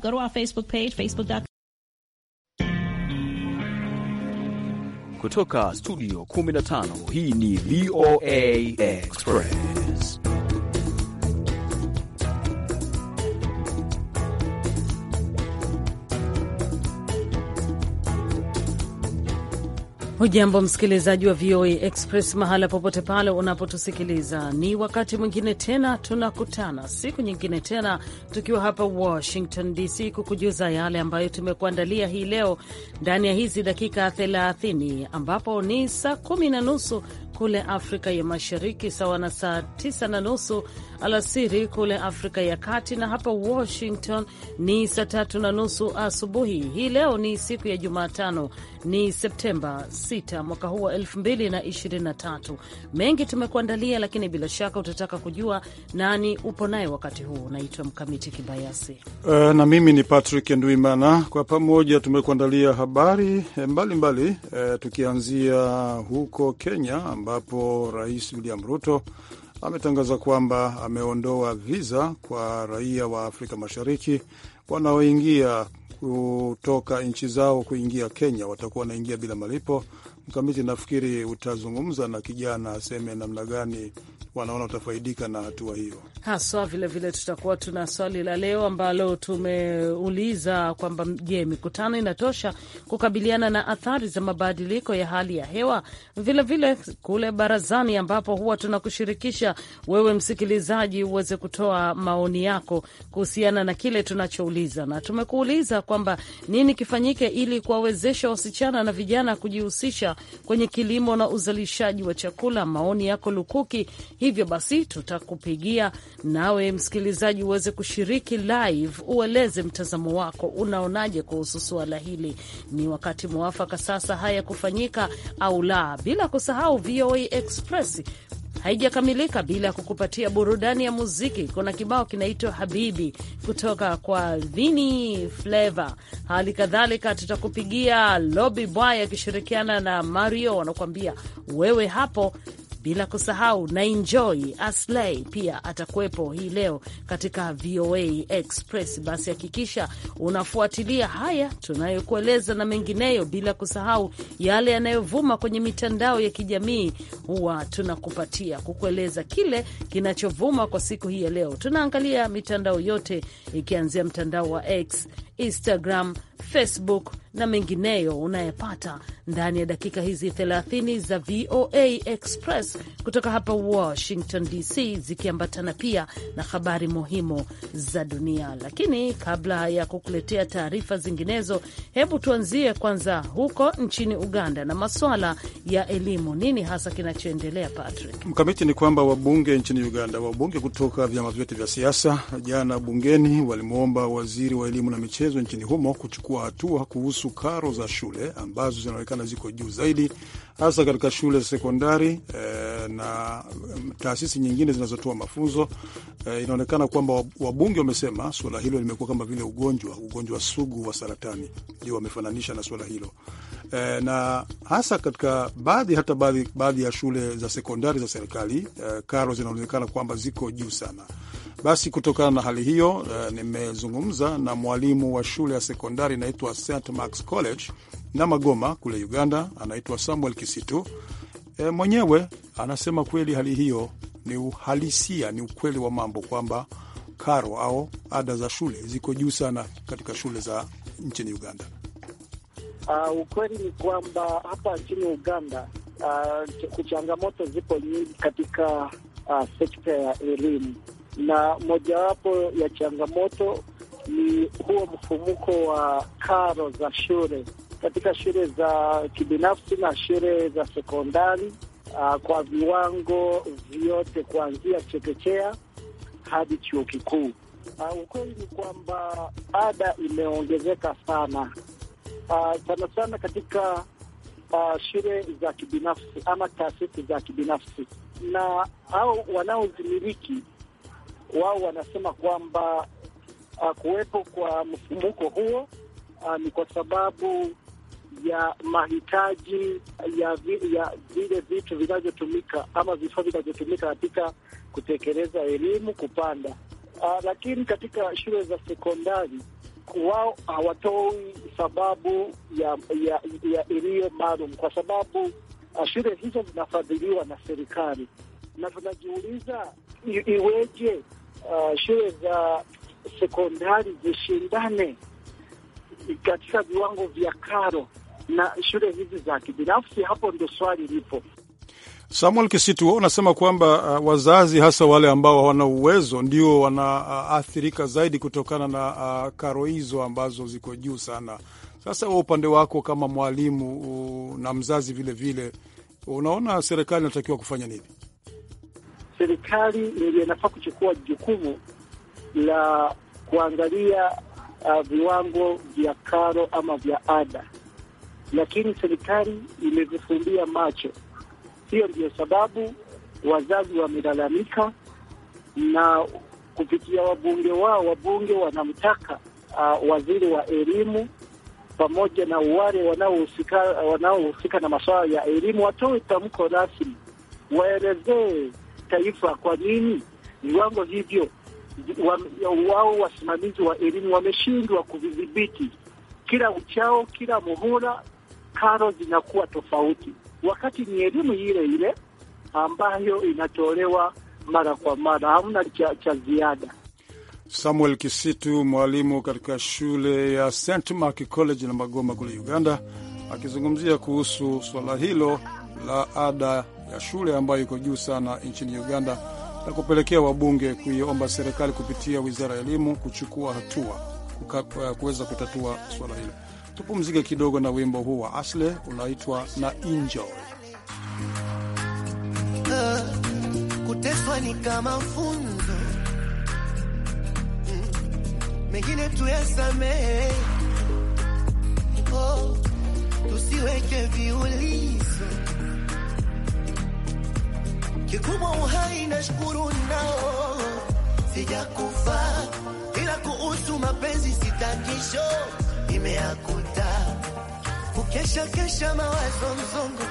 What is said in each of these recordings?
Go to our Facebook page, facebook.com. Kutoka studio 15 hii ni VOA Express. Hujambo msikilizaji wa VOA Express mahala popote pale unapotusikiliza, ni wakati mwingine tena tunakutana, siku nyingine tena tukiwa hapa Washington DC kukujuza yale ambayo tumekuandalia hii leo ndani ya hizi dakika 30 ambapo ni saa kumi na nusu kule Afrika ya Mashariki, sawa na saa tisa na nusu alasiri kule Afrika ya Kati, na hapa Washington ni saa tatu na nusu asubuhi. Hii leo ni siku ya Jumatano ni Septemba 6 mwaka huu wa 2023. Mengi tumekuandalia, lakini bila shaka utataka kujua nani upo naye wakati huu. Naitwa Mkamiti Kibayasi. Uh, na mimi ni Patrick Ndwimana. Kwa pamoja tumekuandalia habari eh, mbalimbali mbali, uh, eh, tukianzia huko Kenya ambapo Rais William Ruto ametangaza kwamba ameondoa viza kwa raia wa Afrika Mashariki wanaoingia kutoka nchi zao kuingia Kenya watakuwa wanaingia bila malipo, Mkamiti, nafikiri utazungumza na kijana aseme namna gani wanaona utafaidika na hatua hiyo haswa. Vilevile tutakuwa tuna swali la leo ambalo tumeuliza kwamba je, mikutano inatosha kukabiliana na athari za mabadiliko ya hali ya hewa? Vilevile vile kule barazani, ambapo huwa tunakushirikisha wewe msikilizaji uweze kutoa maoni yako kuhusiana na kile tunachouliza, na tumekuuliza kwamba nini kifanyike ili kuwawezesha wasichana na vijana kujihusisha kwenye kilimo na uzalishaji wa chakula. Maoni yako lukuki, hivyo basi tutakupigia nawe msikilizaji uweze kushiriki live, ueleze mtazamo wako, unaonaje kuhusu suala hili, ni wakati mwafaka sasa haya kufanyika au la, bila kusahau VOA Express haijakamilika bila ya kukupatia burudani ya muziki. Kuna kibao kinaitwa Habibi kutoka kwa Vini Fleva. Hali kadhalika tutakupigia Lobi Boy akishirikiana na Mario, wanakuambia wewe hapo bila kusahau na Enjoy Aslay pia atakuwepo hii leo katika VOA Express. Basi hakikisha unafuatilia haya tunayokueleza na mengineyo, bila kusahau yale yanayovuma kwenye mitandao ya kijamii. Huwa tunakupatia kukueleza kile kinachovuma kwa siku hii ya leo. Tunaangalia mitandao yote ikianzia mtandao wa X Instagram, Facebook na mengineyo unayepata ndani ya dakika hizi 30 za VOA Express kutoka hapa Washington DC, zikiambatana pia na habari muhimu za dunia. Lakini kabla ya kukuletea taarifa zinginezo, hebu tuanzie kwanza huko nchini Uganda na maswala ya elimu. Nini hasa kinachoendelea, Patrick Mkamiti? Ni kwamba wabunge nchini Uganda, wabunge kutoka vyama vyote vya siasa, jana bungeni walimwomba waziri wa elimu na michezo michezo nchini humo kuchukua hatua kuhusu karo za shule ambazo zinaonekana ziko juu zaidi, hasa katika shule za sekondari e, na taasisi nyingine zinazotoa mafunzo e, inaonekana kwamba wabunge wamesema suala hilo limekuwa kama vile ugonjwa ugonjwa sugu wa saratani, ndio wamefananisha na suala hilo e, na hasa katika baadhi hata baadhi ya shule za sekondari za serikali e, karo zinaonekana kwamba ziko juu sana. Basi kutokana na hali hiyo, uh, nimezungumza na mwalimu wa shule ya sekondari inaitwa St max College na Magoma kule Uganda, anaitwa Samuel Kisitu. E, mwenyewe anasema kweli hali hiyo ni uhalisia, ni ukweli wa mambo kwamba karo au ada za shule ziko juu sana katika shule za nchini Uganda. Uh, ukweli ni kwamba hapa nchini Uganda uh, ah, changamoto zipo nyingi katika uh, sekta ya elimu na mojawapo ya changamoto ni huo mfumuko wa karo za shule katika shule za kibinafsi na shule za sekondari ah, kwa viwango vyote kuanzia chekechea hadi chuo kikuu. Ah, ukweli ni kwamba ada imeongezeka sana ah, sana sana katika shule za kibinafsi ama taasisi za kibinafsi, na au wanaozimiliki wao wanasema kwamba uh, kuwepo kwa mfumuko huo uh, ni kwa sababu ya mahitaji ya vile vitu vinavyotumika ama vifaa vinavyotumika katika kutekeleza elimu kupanda. Uh, lakini katika shule za sekondari wao hawatoi sababu ya, ya, ya iliyo maalum kwa sababu uh, shule hizo zinafadhiliwa na serikali, na tunajiuliza iweje uh, shule za sekondari zishindane katika viwango vya karo na shule hizi za kibinafsi. Hapo ndo swali lipo. Samuel Kisitu, unasema kwamba uh, wazazi hasa wale ambao hawana uwezo ndio wanaathirika uh, zaidi kutokana na uh, karo hizo ambazo ziko juu sana. Sasa wa upande wako kama mwalimu uh, na mzazi vilevile, unaona serikali inatakiwa kufanya nini? serikali ndiyo inafaa kuchukua jukumu la kuangalia uh, viwango vya karo ama vya ada, lakini serikali imevifumbia macho. Hiyo ndiyo sababu wazazi wamelalamika na kupitia wabunge wao, wabunge wanamtaka uh, waziri wa elimu pamoja na wale wanaohusika wanaohusika na masuala ya elimu watoe tamko rasmi, waelezee taifa. Kwa nini viwango hivyo? Wao wasimamizi wa elimu wameshindwa kuvidhibiti. Kila uchao, kila muhula, karo zinakuwa tofauti, wakati ni elimu ile ile ambayo inatolewa mara kwa mara, hamna cha, cha ziada. Samuel Kisitu, mwalimu katika shule ya St Mark College na Magoma kule Uganda, akizungumzia kuhusu swala hilo la ada ya shule ambayo iko juu sana nchini Uganda na kupelekea wabunge kuiomba serikali kupitia wizara ya elimu kuchukua hatua kuweza kutatua swala hilo. Tupumzike kidogo na wimbo huu wa Asle unaitwa na Enjoy. Uh, kuteswa ni kama funzo mm, mengine tuyasamehe, oh, tusiweke viulizo kikubwa uhai, na shukuru nao sijakufa, ila kuhusu mapenzi sitakisho imeakuta kukesha kesha, mawazo mzongo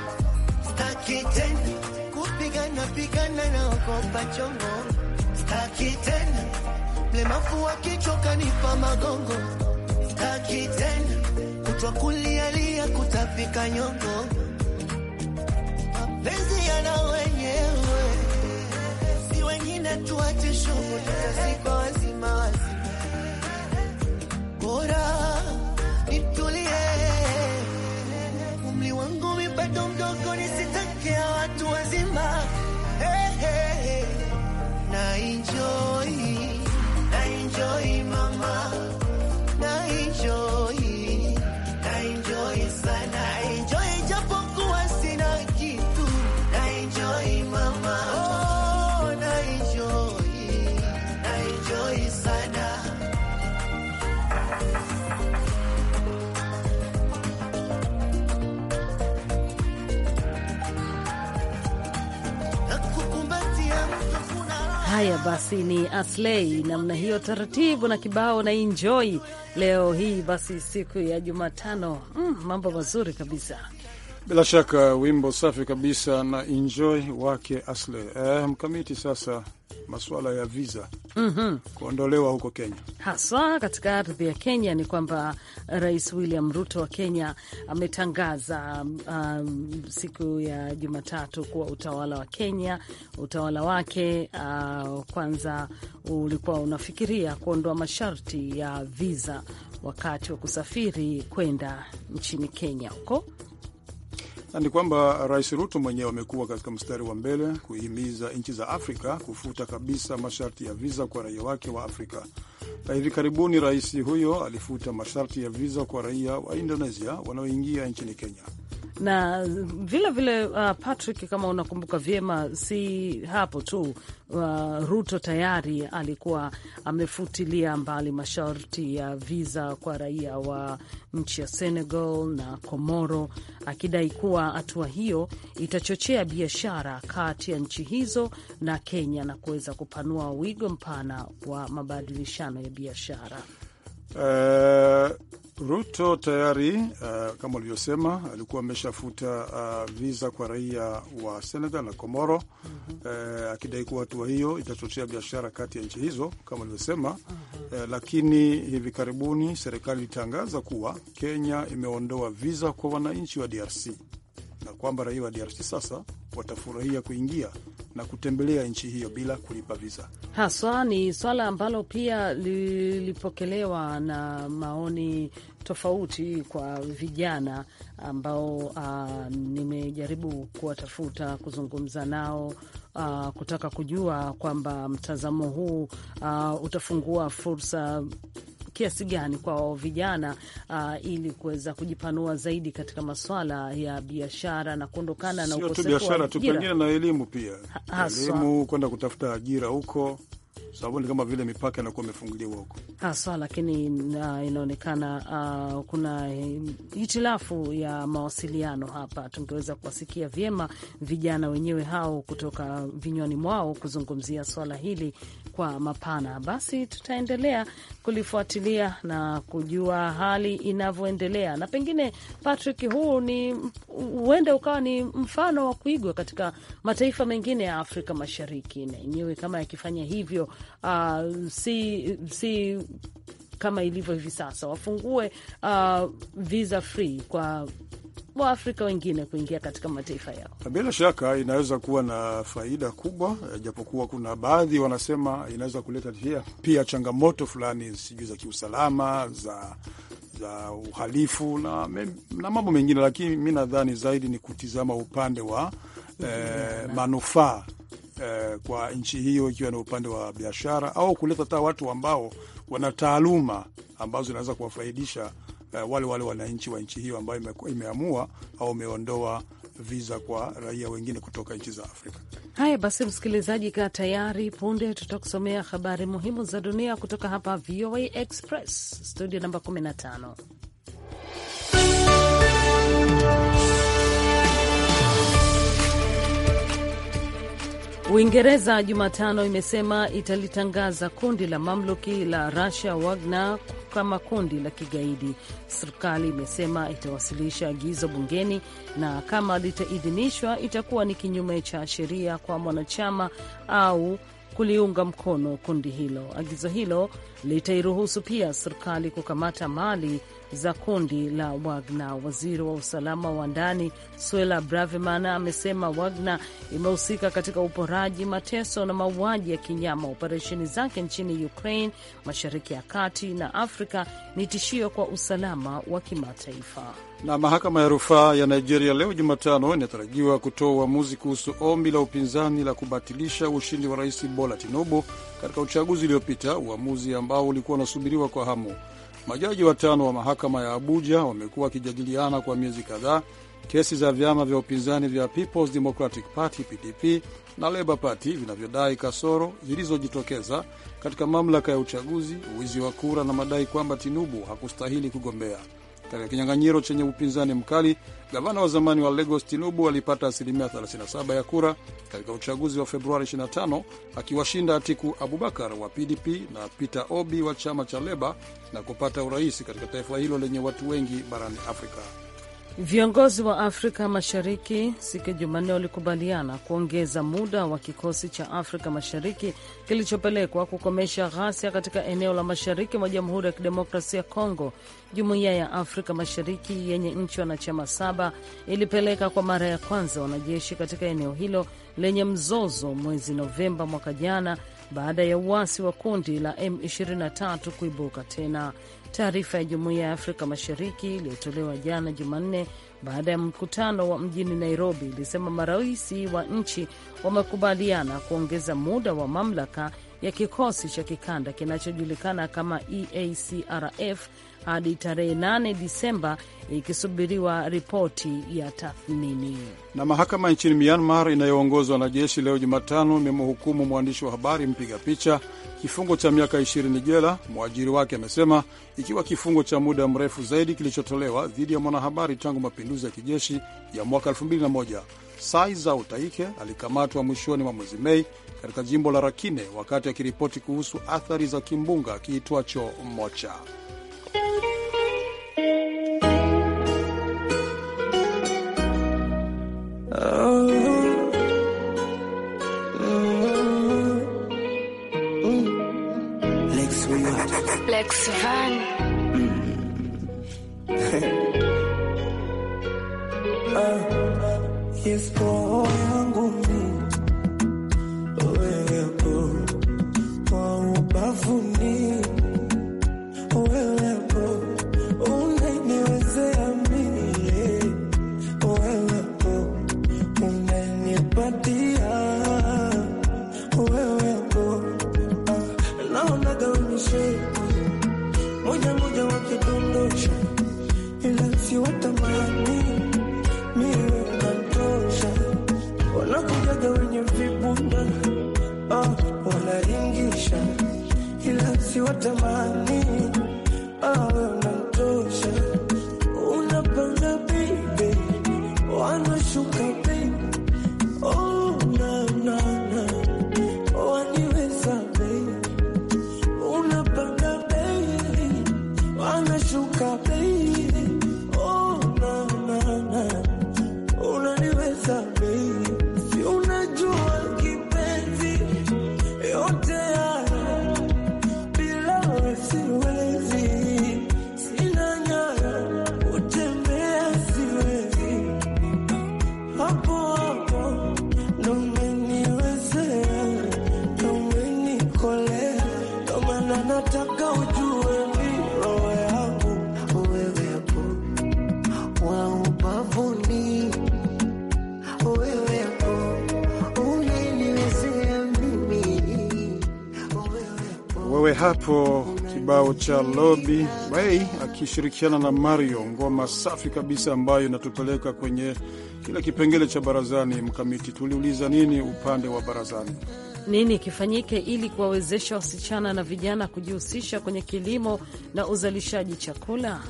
staki tena kupigana pigana na ogopa chongo, staki tena mlemafu wa kichwa kanipa magongo, staki tena kutwa kulialia kutafika nyongo China tuache shughuli za siku wazima wazima, bora nitulie, umri wangu bado mdogo, nisitake watu wazima Haya basi, ni aslei namna hiyo taratibu na kibao na enjoy leo hii. Basi siku ya Jumatano, mm, mambo mazuri kabisa. Bila shaka wimbo safi kabisa na enjoy wake Asley. Eh, mkamiti sasa masuala ya visa mm -hmm. kuondolewa huko Kenya, haswa katika ardhi ya Kenya. Ni kwamba Rais William Ruto wa Kenya ametangaza um, siku ya Jumatatu kuwa utawala wa Kenya, utawala wake uh, kwanza ulikuwa unafikiria kuondoa masharti ya visa wakati wa kusafiri kwenda nchini Kenya huko na ni kwamba Rais Ruto mwenyewe amekuwa katika mstari wa mbele kuhimiza nchi za Afrika kufuta kabisa masharti ya viza kwa raia wake wa Afrika na hivi karibuni rais huyo alifuta masharti ya viza kwa raia wa Indonesia wanaoingia nchini Kenya na vile vile uh, Patrick, kama unakumbuka vyema, si hapo tu uh, Ruto tayari alikuwa amefutilia mbali masharti ya viza kwa raia wa nchi ya Senegal na Komoro, akidai kuwa hatua hiyo itachochea biashara kati ya nchi hizo na Kenya na kuweza kupanua wigo mpana wa mabadilishano makubaliano ya biashara. Uh, Ruto tayari uh, kama ulivyosema alikuwa ameshafuta uh, visa kwa raia wa Senegal na Komoro mhm. uh, akidai mm -hmm. uh, kuwa hatua hiyo itachochea biashara kati ya nchi hizo kama ulivyosema. mm -hmm. uh, lakini hivi karibuni serikali ilitangaza kuwa Kenya imeondoa visa kwa wananchi wa DRC na kwamba raia wa DRC sasa watafurahia kuingia na kutembelea nchi hiyo bila kulipa visa. Haswa ni swala ambalo pia lilipokelewa na maoni tofauti kwa vijana ambao uh, nimejaribu kuwatafuta kuzungumza nao uh, kutaka kujua kwamba mtazamo huu uh, utafungua fursa kiasi gani kwa vijana uh, ili kuweza kujipanua zaidi katika maswala ya biashara na kuondokana na ukosefu wa biashara tu, pengine na elimu pia, elimu kwenda kutafuta ajira huko sababu ni kama vile mipaka inakuwa imefunguliwa huko haswa, lakini uh, inaonekana uh, kuna eh, hitilafu ya mawasiliano hapa. Tungeweza kuwasikia vyema vijana wenyewe hao kutoka vinywani mwao kuzungumzia swala hili kwa mapana, basi tutaendelea kulifuatilia na kujua hali inavyoendelea, na pengine Patrick, huu ni huenda ukawa ni mfano wa kuigwa katika mataifa mengine ya Afrika Mashariki, na yenyewe kama yakifanya hivyo uh, si si kama ilivyo hivi sasa, wafungue uh, visa free kwa Waafrika wengine kuingia katika mataifa yao. Bila shaka inaweza kuwa na faida kubwa, japokuwa kuna baadhi wanasema inaweza kuleta pia, pia changamoto fulani, sijui za kiusalama, za za uhalifu na, na mambo mengine, lakini mi nadhani zaidi ni kutizama upande wa eh, manufaa eh, kwa nchi hiyo, ikiwa na upande wa biashara au kuleta hata watu ambao wana taaluma ambazo zinaweza kuwafaidisha uh, wale wale wananchi wa nchi hiyo ambayo imeamua au imeondoa viza kwa raia wengine kutoka nchi za Afrika. Haya basi, msikilizaji, kaa tayari, punde tutakusomea habari muhimu za dunia kutoka hapa VOA Express, studio namba 15. Uingereza Jumatano imesema italitangaza kundi la mamluki la Russia Wagner kama kundi la kigaidi. Serikali imesema itawasilisha agizo bungeni na kama litaidhinishwa, itakuwa ni kinyume cha sheria kwa mwanachama au kuliunga mkono kundi hilo. Agizo hilo litairuhusu pia serikali kukamata mali za kundi la Wagner. Waziri wa usalama wa ndani Suela Braverman amesema Wagner imehusika katika uporaji, mateso na mauaji ya kinyama. Operesheni zake nchini Ukraine, Mashariki ya Kati na Afrika ni tishio kwa usalama wa kimataifa. Na mahakama ya rufaa ya Nigeria leo Jumatano inatarajiwa kutoa uamuzi kuhusu ombi la upinzani la kubatilisha ushindi wa rais Bola Tinubu katika uchaguzi uliopita, uamuzi ambao ulikuwa unasubiriwa kwa hamu. Majaji watano wa mahakama ya Abuja wamekuwa wakijadiliana kwa miezi kadhaa kesi za vyama vya upinzani vya Peoples Democratic Party PDP na Labour Party vinavyodai kasoro zilizojitokeza katika mamlaka ya uchaguzi, uwizi wa kura na madai kwamba Tinubu hakustahili kugombea. Katika kinyang'anyiro chenye upinzani mkali, gavana wa zamani wa Lagos Tinubu alipata asilimia 37 ya kura katika uchaguzi wa Februari 25 akiwashinda Atiku Abubakar wa PDP na Peter Obi wa chama cha Leba na kupata urais katika taifa hilo lenye watu wengi barani Afrika. Viongozi wa Afrika Mashariki siku ya Jumanne walikubaliana kuongeza muda wa kikosi cha Afrika Mashariki kilichopelekwa kukomesha ghasia katika eneo la mashariki mwa Jamhuri ya Kidemokrasia ya Kongo. Jumuiya ya Afrika Mashariki yenye nchi wanachama saba ilipeleka kwa mara ya kwanza wanajeshi katika eneo hilo lenye mzozo mwezi Novemba mwaka jana baada ya uasi wa kundi la M23 kuibuka tena. Taarifa ya Jumuiya ya Afrika Mashariki iliyotolewa jana Jumanne baada ya mkutano wa mjini Nairobi ilisema marais wa nchi wamekubaliana kuongeza muda wa mamlaka ya kikosi cha kikanda kinachojulikana kama EACRF hadi tarehe 8 Disemba, ikisubiriwa ripoti ya tathmini. Na mahakama nchini Myanmar inayoongozwa na jeshi leo Jumatano imemhukumu mwandishi wa habari mpiga picha kifungo cha miaka 20 jela, mwajiri wake amesema, ikiwa kifungo cha muda mrefu zaidi kilichotolewa dhidi ya mwanahabari tangu mapinduzi ya kijeshi ya mwaka 2001 saiza utaike alikamatwa mwishoni mwa mwezi Mei katika jimbo la Rakine wakati akiripoti kuhusu athari za kimbunga kiitwacho Mocha. Lex is born. cha Lobi Bay akishirikiana na Mario, ngoma safi kabisa ambayo inatupeleka kwenye kila kipengele cha barazani. Mkamiti, tuliuliza nini upande wa barazani? Nini kifanyike ili kuwawezesha wasichana na vijana kujihusisha kwenye kilimo na uzalishaji chakula?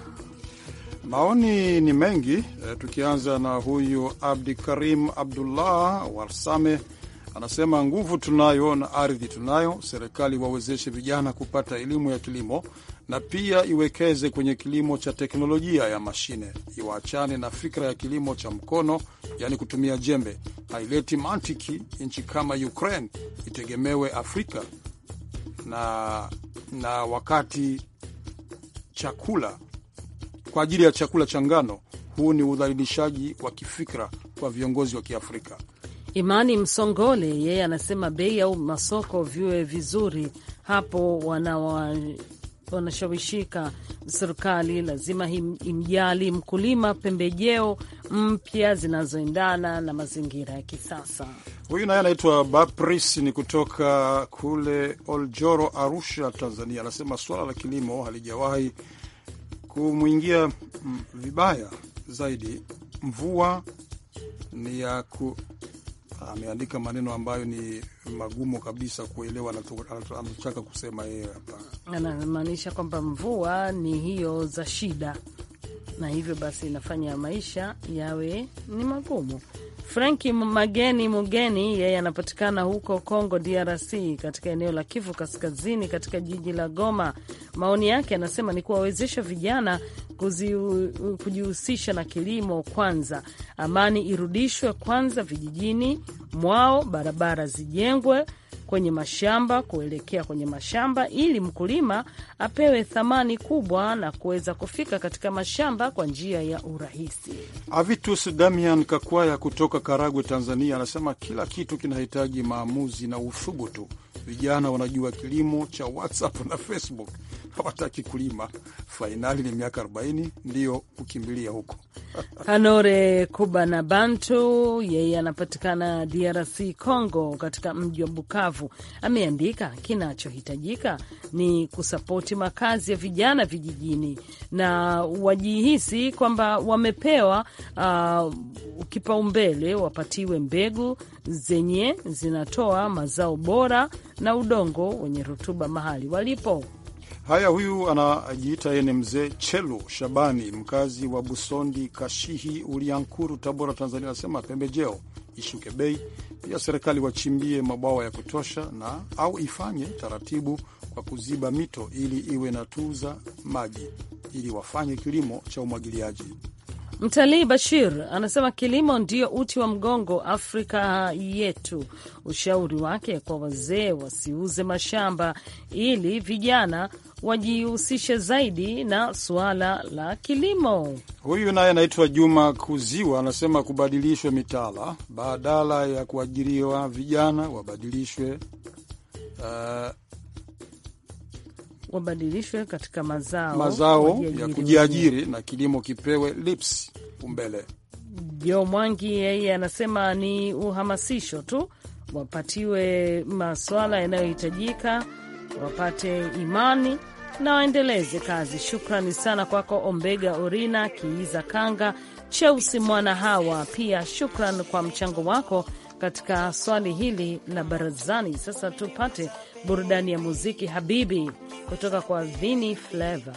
Maoni ni mengi, eh, tukianza na huyu Abdi Karim Abdullah Warsame Anasema nguvu tunayo na ardhi tunayo, serikali wawezeshe vijana kupata elimu ya kilimo na pia iwekeze kwenye kilimo cha teknolojia ya mashine, iwaachane na fikra ya kilimo cha mkono, yaani kutumia jembe. Haileti mantiki nchi kama Ukraine itegemewe Afrika na, na wakati chakula kwa ajili ya chakula cha ngano. Huu ni udhalilishaji wa kifikra kwa viongozi wa Kiafrika. Imani Msongole yeye anasema bei au masoko viwe vizuri, hapo wanawa wanashawishika. Serikali lazima imjali mkulima pembejeo mpya zinazoendana na mazingira ya kisasa. Huyu naye anaitwa Bapris, ni kutoka kule Oljoro, Arusha, Tanzania. Anasema suala la kilimo halijawahi kumwingia vibaya zaidi, mvua ni ya ku ameandika maneno ambayo ni magumu kabisa kuelewa anachotaka kusema yeye. Hapa anamaanisha kwamba mvua ni hiyo za shida, na hivyo basi inafanya maisha yawe ni magumu. Franki Mageni Mugeni yeye anapatikana huko Congo DRC, katika eneo la Kivu Kaskazini, katika jiji la Goma. Maoni yake anasema ni kuwawezesha vijana kujihusisha na kilimo kwanza, amani irudishwe kwanza vijijini mwao, barabara zijengwe kwenye mashamba kuelekea kwenye mashamba ili mkulima apewe thamani kubwa na kuweza kufika katika mashamba kwa njia ya urahisi. Avitus Damian Kakwaya kutoka Karagwe, Tanzania, anasema kila kitu kinahitaji maamuzi na uthubutu Vijana wanajua kilimo cha WhatsApp na Facebook, hawataki kulima. Fainali ni miaka 40 ndiyo kukimbilia huko. Hanore na Bantu yeye anapatikana DRC Congo, katika mji wa Bukavu, ameandika kinachohitajika ni kusapoti makazi ya vijana vijijini na wajihisi kwamba wamepewa uh, kipaumbele, wapatiwe mbegu zenye zinatoa mazao bora na udongo wenye rutuba mahali walipo. Haya, huyu anajiita yeye ni mzee Chelu Shabani, mkazi wa Busondi Kashihi, Uliankuru, Tabora, Tanzania, anasema pembejeo ishuke bei, pia serikali wachimbie mabwawa ya kutosha na au ifanye taratibu kwa kuziba mito ili iwe na tuza maji ili wafanye kilimo cha umwagiliaji. Mtalii Bashir anasema kilimo ndio uti wa mgongo Afrika yetu. Ushauri wake kwa wazee, wasiuze mashamba ili vijana wajihusishe zaidi na suala la kilimo. Huyu naye anaitwa Juma Kuziwa, anasema kubadilishwe mitaala, badala ya kuajiriwa vijana wabadilishwe uh, wabadilishwe katika mazao, mazao ya kujiajiri na kilimo kipewe lips umbele. Jo Mwangi yeye anasema ni uhamasisho tu, wapatiwe maswala yanayohitajika, wapate imani na waendeleze kazi. Shukrani sana kwako Ombega Orina Kiiza Kanga Cheusi Mwana Hawa, pia shukran kwa mchango wako katika swali hili la barazani. Sasa tupate burudani ya muziki habibi kutoka kwa Vini Fleva.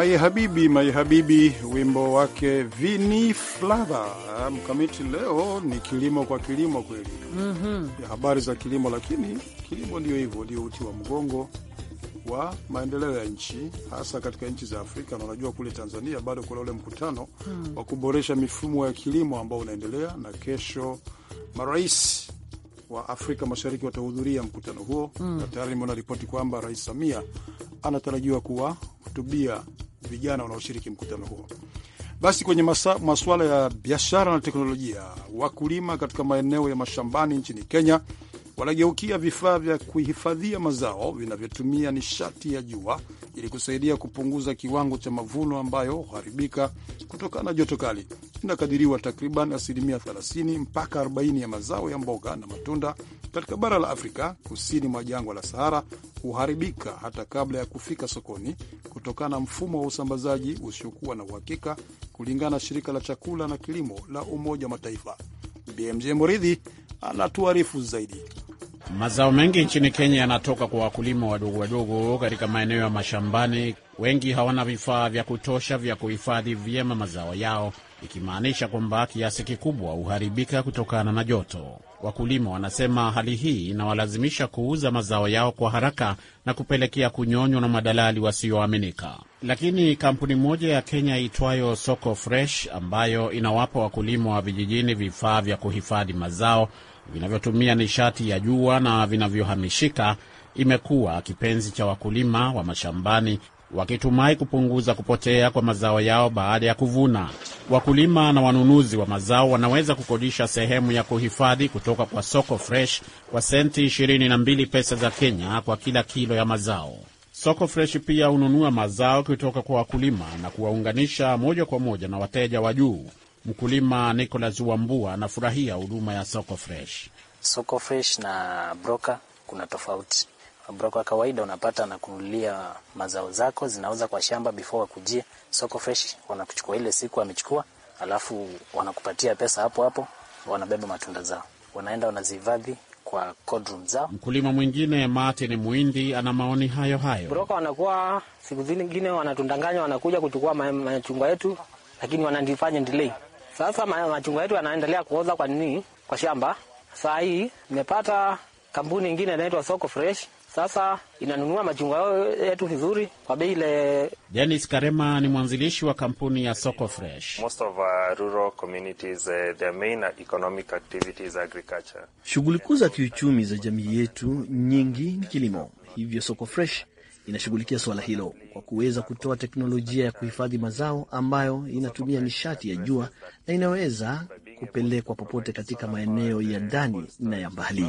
maihabibi Habibi, Habibi, wimbo wake Vini Flava. Mkamiti, leo ni kilimo kwa kilimo kweli, mm -hmm. habari za kilimo, lakini kilimo ndio hivyo, ndio uti wa mgongo wa maendeleo ya nchi, hasa katika nchi za Afrika na unajua kule Tanzania bado kuna ule mkutano mm. wa kuboresha mifumo ya kilimo ambao unaendelea, na kesho marais wa Afrika Mashariki watahudhuria mkutano huo mm. na tayari nimeona ripoti kwamba Rais Samia anatarajiwa kuwahutubia vijana wanaoshiriki mkutano huo. Basi kwenye masa, masuala ya biashara na teknolojia, wakulima katika maeneo ya mashambani nchini Kenya wanageukia vifaa vya kuhifadhia mazao vinavyotumia nishati ya jua ili kusaidia kupunguza kiwango cha mavuno ambayo huharibika kutokana na joto kali. Inakadiriwa takriban asilimia 30 mpaka 40 ya mazao ya mboga na matunda katika bara la Afrika kusini mwa jangwa la Sahara huharibika hata kabla ya kufika sokoni kutokana na mfumo wa usambazaji usiokuwa na uhakika, kulingana na shirika la chakula na kilimo la Umoja wa Mataifa. BMJ Moridhi anatuarifu zaidi. Mazao mengi nchini Kenya yanatoka kwa wakulima wadogo wadogo katika maeneo ya mashambani. Wengi hawana vifaa vya kutosha vya kuhifadhi vyema mazao yao, ikimaanisha kwamba kiasi kikubwa huharibika kutokana na joto. Wakulima wanasema hali hii inawalazimisha kuuza mazao yao kwa haraka na kupelekea kunyonywa na madalali wasioaminika. Lakini kampuni moja ya Kenya itwayo Soko Fresh, ambayo inawapa wakulima wa vijijini vifaa vya kuhifadhi mazao vinavyotumia nishati ya jua na vinavyohamishika imekuwa kipenzi cha wakulima wa mashambani wakitumai kupunguza kupotea kwa mazao yao baada ya kuvuna. Wakulima na wanunuzi wa mazao wanaweza kukodisha sehemu ya kuhifadhi kutoka kwa soko fresh kwa senti 22 pesa za Kenya kwa kila kilo ya mazao. Soko fresh pia hununua mazao kutoka kwa wakulima na kuwaunganisha moja kwa moja na wateja wa juu. Mkulima Nicolas Wambua anafurahia huduma ya soko fresh. Soko fresh na broker kuna tofauti. Broker kawaida unapata anakunulia mazao zako, zinauza kwa shamba before wakujie. Soko fresh wanakuchukua ile siku amechukua, alafu wanakupatia pesa hapo hapo, wanabeba matunda zao, wanaenda wanazihifadhi kwa cold room zao. Mkulima mwingine Martin Mwindi ana maoni hayo hayo. Broka wanakuwa siku zingine wanatundanganya, wanakuja kuchukua machungwa yetu, lakini wanandifanya delay sasa machungwa yetu yanaendelea kuoza. Kwa nini? Kwa shamba. Saa hii nimepata kampuni ingine inaitwa Soko Fresh, sasa inanunua machungwa yetu vizuri kwa bei ile. Dennis Karema ni mwanzilishi wa kampuni ya Soko Fresh. Shughuli kuu za kiuchumi za jamii yetu nyingi ni kilimo, hivyo Soko Fresh inashughulikia suala hilo kwa kuweza kutoa teknolojia ya kuhifadhi mazao ambayo inatumia nishati ya jua na inaweza kupelekwa popote katika maeneo ya ndani na ya mbali.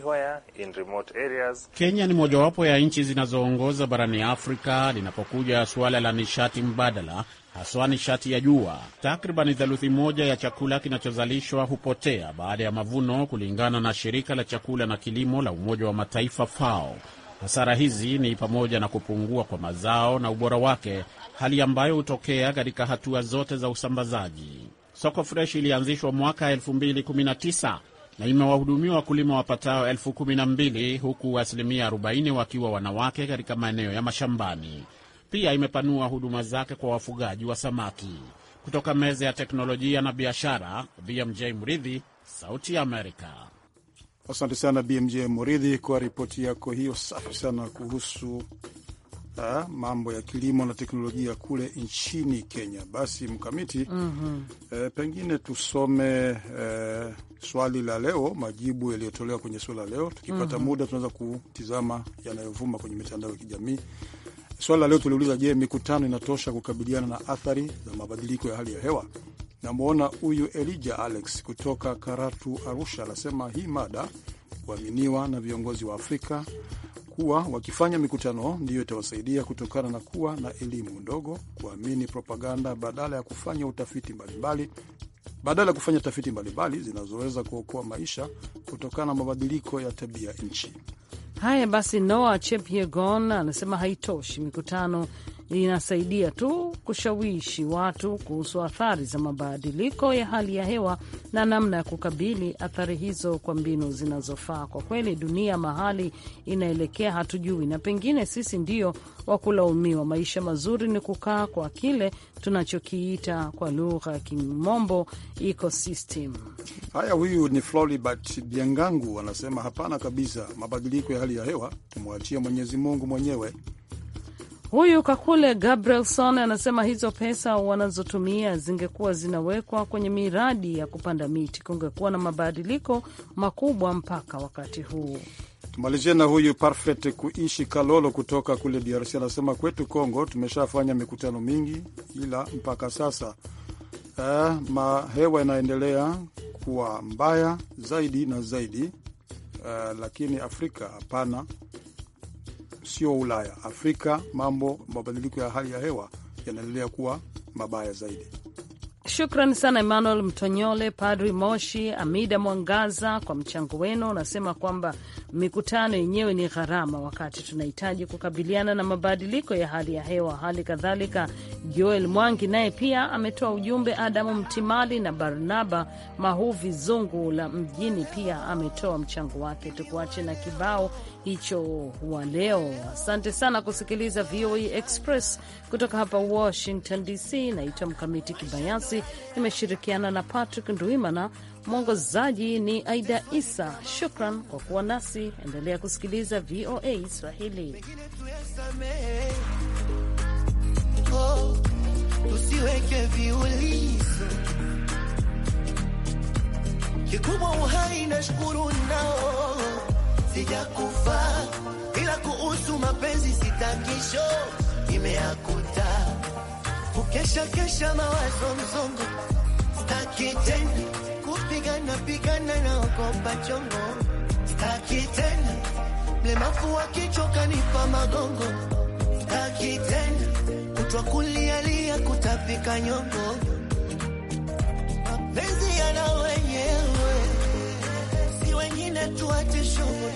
Uh, Kenya ni mojawapo ya nchi zinazoongoza barani Afrika linapokuja suala la nishati mbadala, haswa nishati ya jua. Takribani theluthi moja ya chakula kinachozalishwa hupotea baada ya mavuno, kulingana na shirika la chakula na kilimo la Umoja wa Mataifa FAO. Hasara hizi ni pamoja na kupungua kwa mazao na ubora wake, hali ambayo hutokea katika hatua zote za usambazaji. Soko Fresh ilianzishwa mwaka 2019 na imewahudumia wakulima wapatao 12 huku asilimia 40 wakiwa wanawake katika maeneo ya mashambani. Pia imepanua huduma zake kwa wafugaji wa samaki. Kutoka meza ya teknolojia na biashara, BMJ Mridhi, Sauti ya Amerika. Asante sana BMJ Muridhi kwa ripoti yako hiyo safi sana kuhusu Ha, ah, mambo ya kilimo na teknolojia kule nchini Kenya. Basi mkamiti, mm -hmm. E, pengine tusome e, swali la leo, majibu yaliyotolewa kwenye swali la leo. Tukipata mm -hmm. muda tunaweza kutizama yanayovuma kwenye mitandao ya kijamii. Swali la leo tuliuliza, je, mikutano inatosha kukabiliana na athari za mabadiliko ya hali ya hewa? Namwona huyu Elija Alex kutoka Karatu, Arusha, anasema hii mada kuaminiwa na viongozi wa Afrika kuwa wakifanya mikutano ndiyo itawasaidia kutokana na kuwa na elimu ndogo, kuamini propaganda badala ya kufanya utafiti mbalimbali badala ya kufanya tafiti mbalimbali zinazoweza kuokoa maisha kutokana na mabadiliko ya tabia nchi. Haya basi, Noah Chepyegon anasema haitoshi mikutano linasaidia tu kushawishi watu kuhusu athari za mabadiliko ya hali ya hewa na namna ya kukabili athari hizo kwa mbinu zinazofaa. Kwa kweli, dunia mahali inaelekea hatujui, na pengine sisi ndio wa kulaumiwa. Maisha mazuri ni kukaa kwa kile tunachokiita kwa lugha ya Kimombo ecosystem. Haya, huyu ni Floribert Biangangu anasema hapana kabisa, mabadiliko ya hali ya hewa tumwachia Mwenyezi Mungu mwenyewe. Huyu Kakule Gabrielson anasema hizo pesa wanazotumia zingekuwa zinawekwa kwenye miradi ya kupanda miti, kungekuwa na mabadiliko makubwa mpaka wakati huu. Tumalizie na huyu Parfet Kuishi Kalolo kutoka kule DRC anasema kwetu Congo tumeshafanya mikutano mingi, ila mpaka sasa eh, mahewa inaendelea kuwa mbaya zaidi na zaidi. eh, lakini Afrika hapana, sio Ulaya, Afrika mambo mabadiliko ya hali ya hewa yanaendelea kuwa mabaya zaidi. Shukran sana Emmanuel Mtonyole, Padri Moshi, Amida Mwangaza kwa mchango wenu. Unasema kwamba mikutano yenyewe ni gharama wakati tunahitaji kukabiliana na mabadiliko ya hali ya hewa. Hali kadhalika Joel Mwangi naye pia ametoa ujumbe. Adamu Mtimali na Barnaba Mahuvi Zungu la mjini pia ametoa mchango wake. Tukuache na kibao hicho wa leo. Asante sana kusikiliza VOA e Express kutoka hapa Washington DC. Naitwa Mkamiti Kibayasi, nimeshirikiana na Patrick Ndwimana. Mwongozaji ni Aida Isa. Shukran kwa kuwa nasi, endelea kusikiliza VOA e Swahili. tusiweke oh, viulizo kikubwa uhai na shukuru nao sijakufa, ila kuhusu mapenzi sitakisho imeakuta kukesha kesha, mawazo mzongo staki tena kupigana pigana na okopa chongo, staki tena mlemafu wakichoka nipa magongo, staki tena kutwa kulialia kutapika nyongo, mapenzi yanawe wengine wazima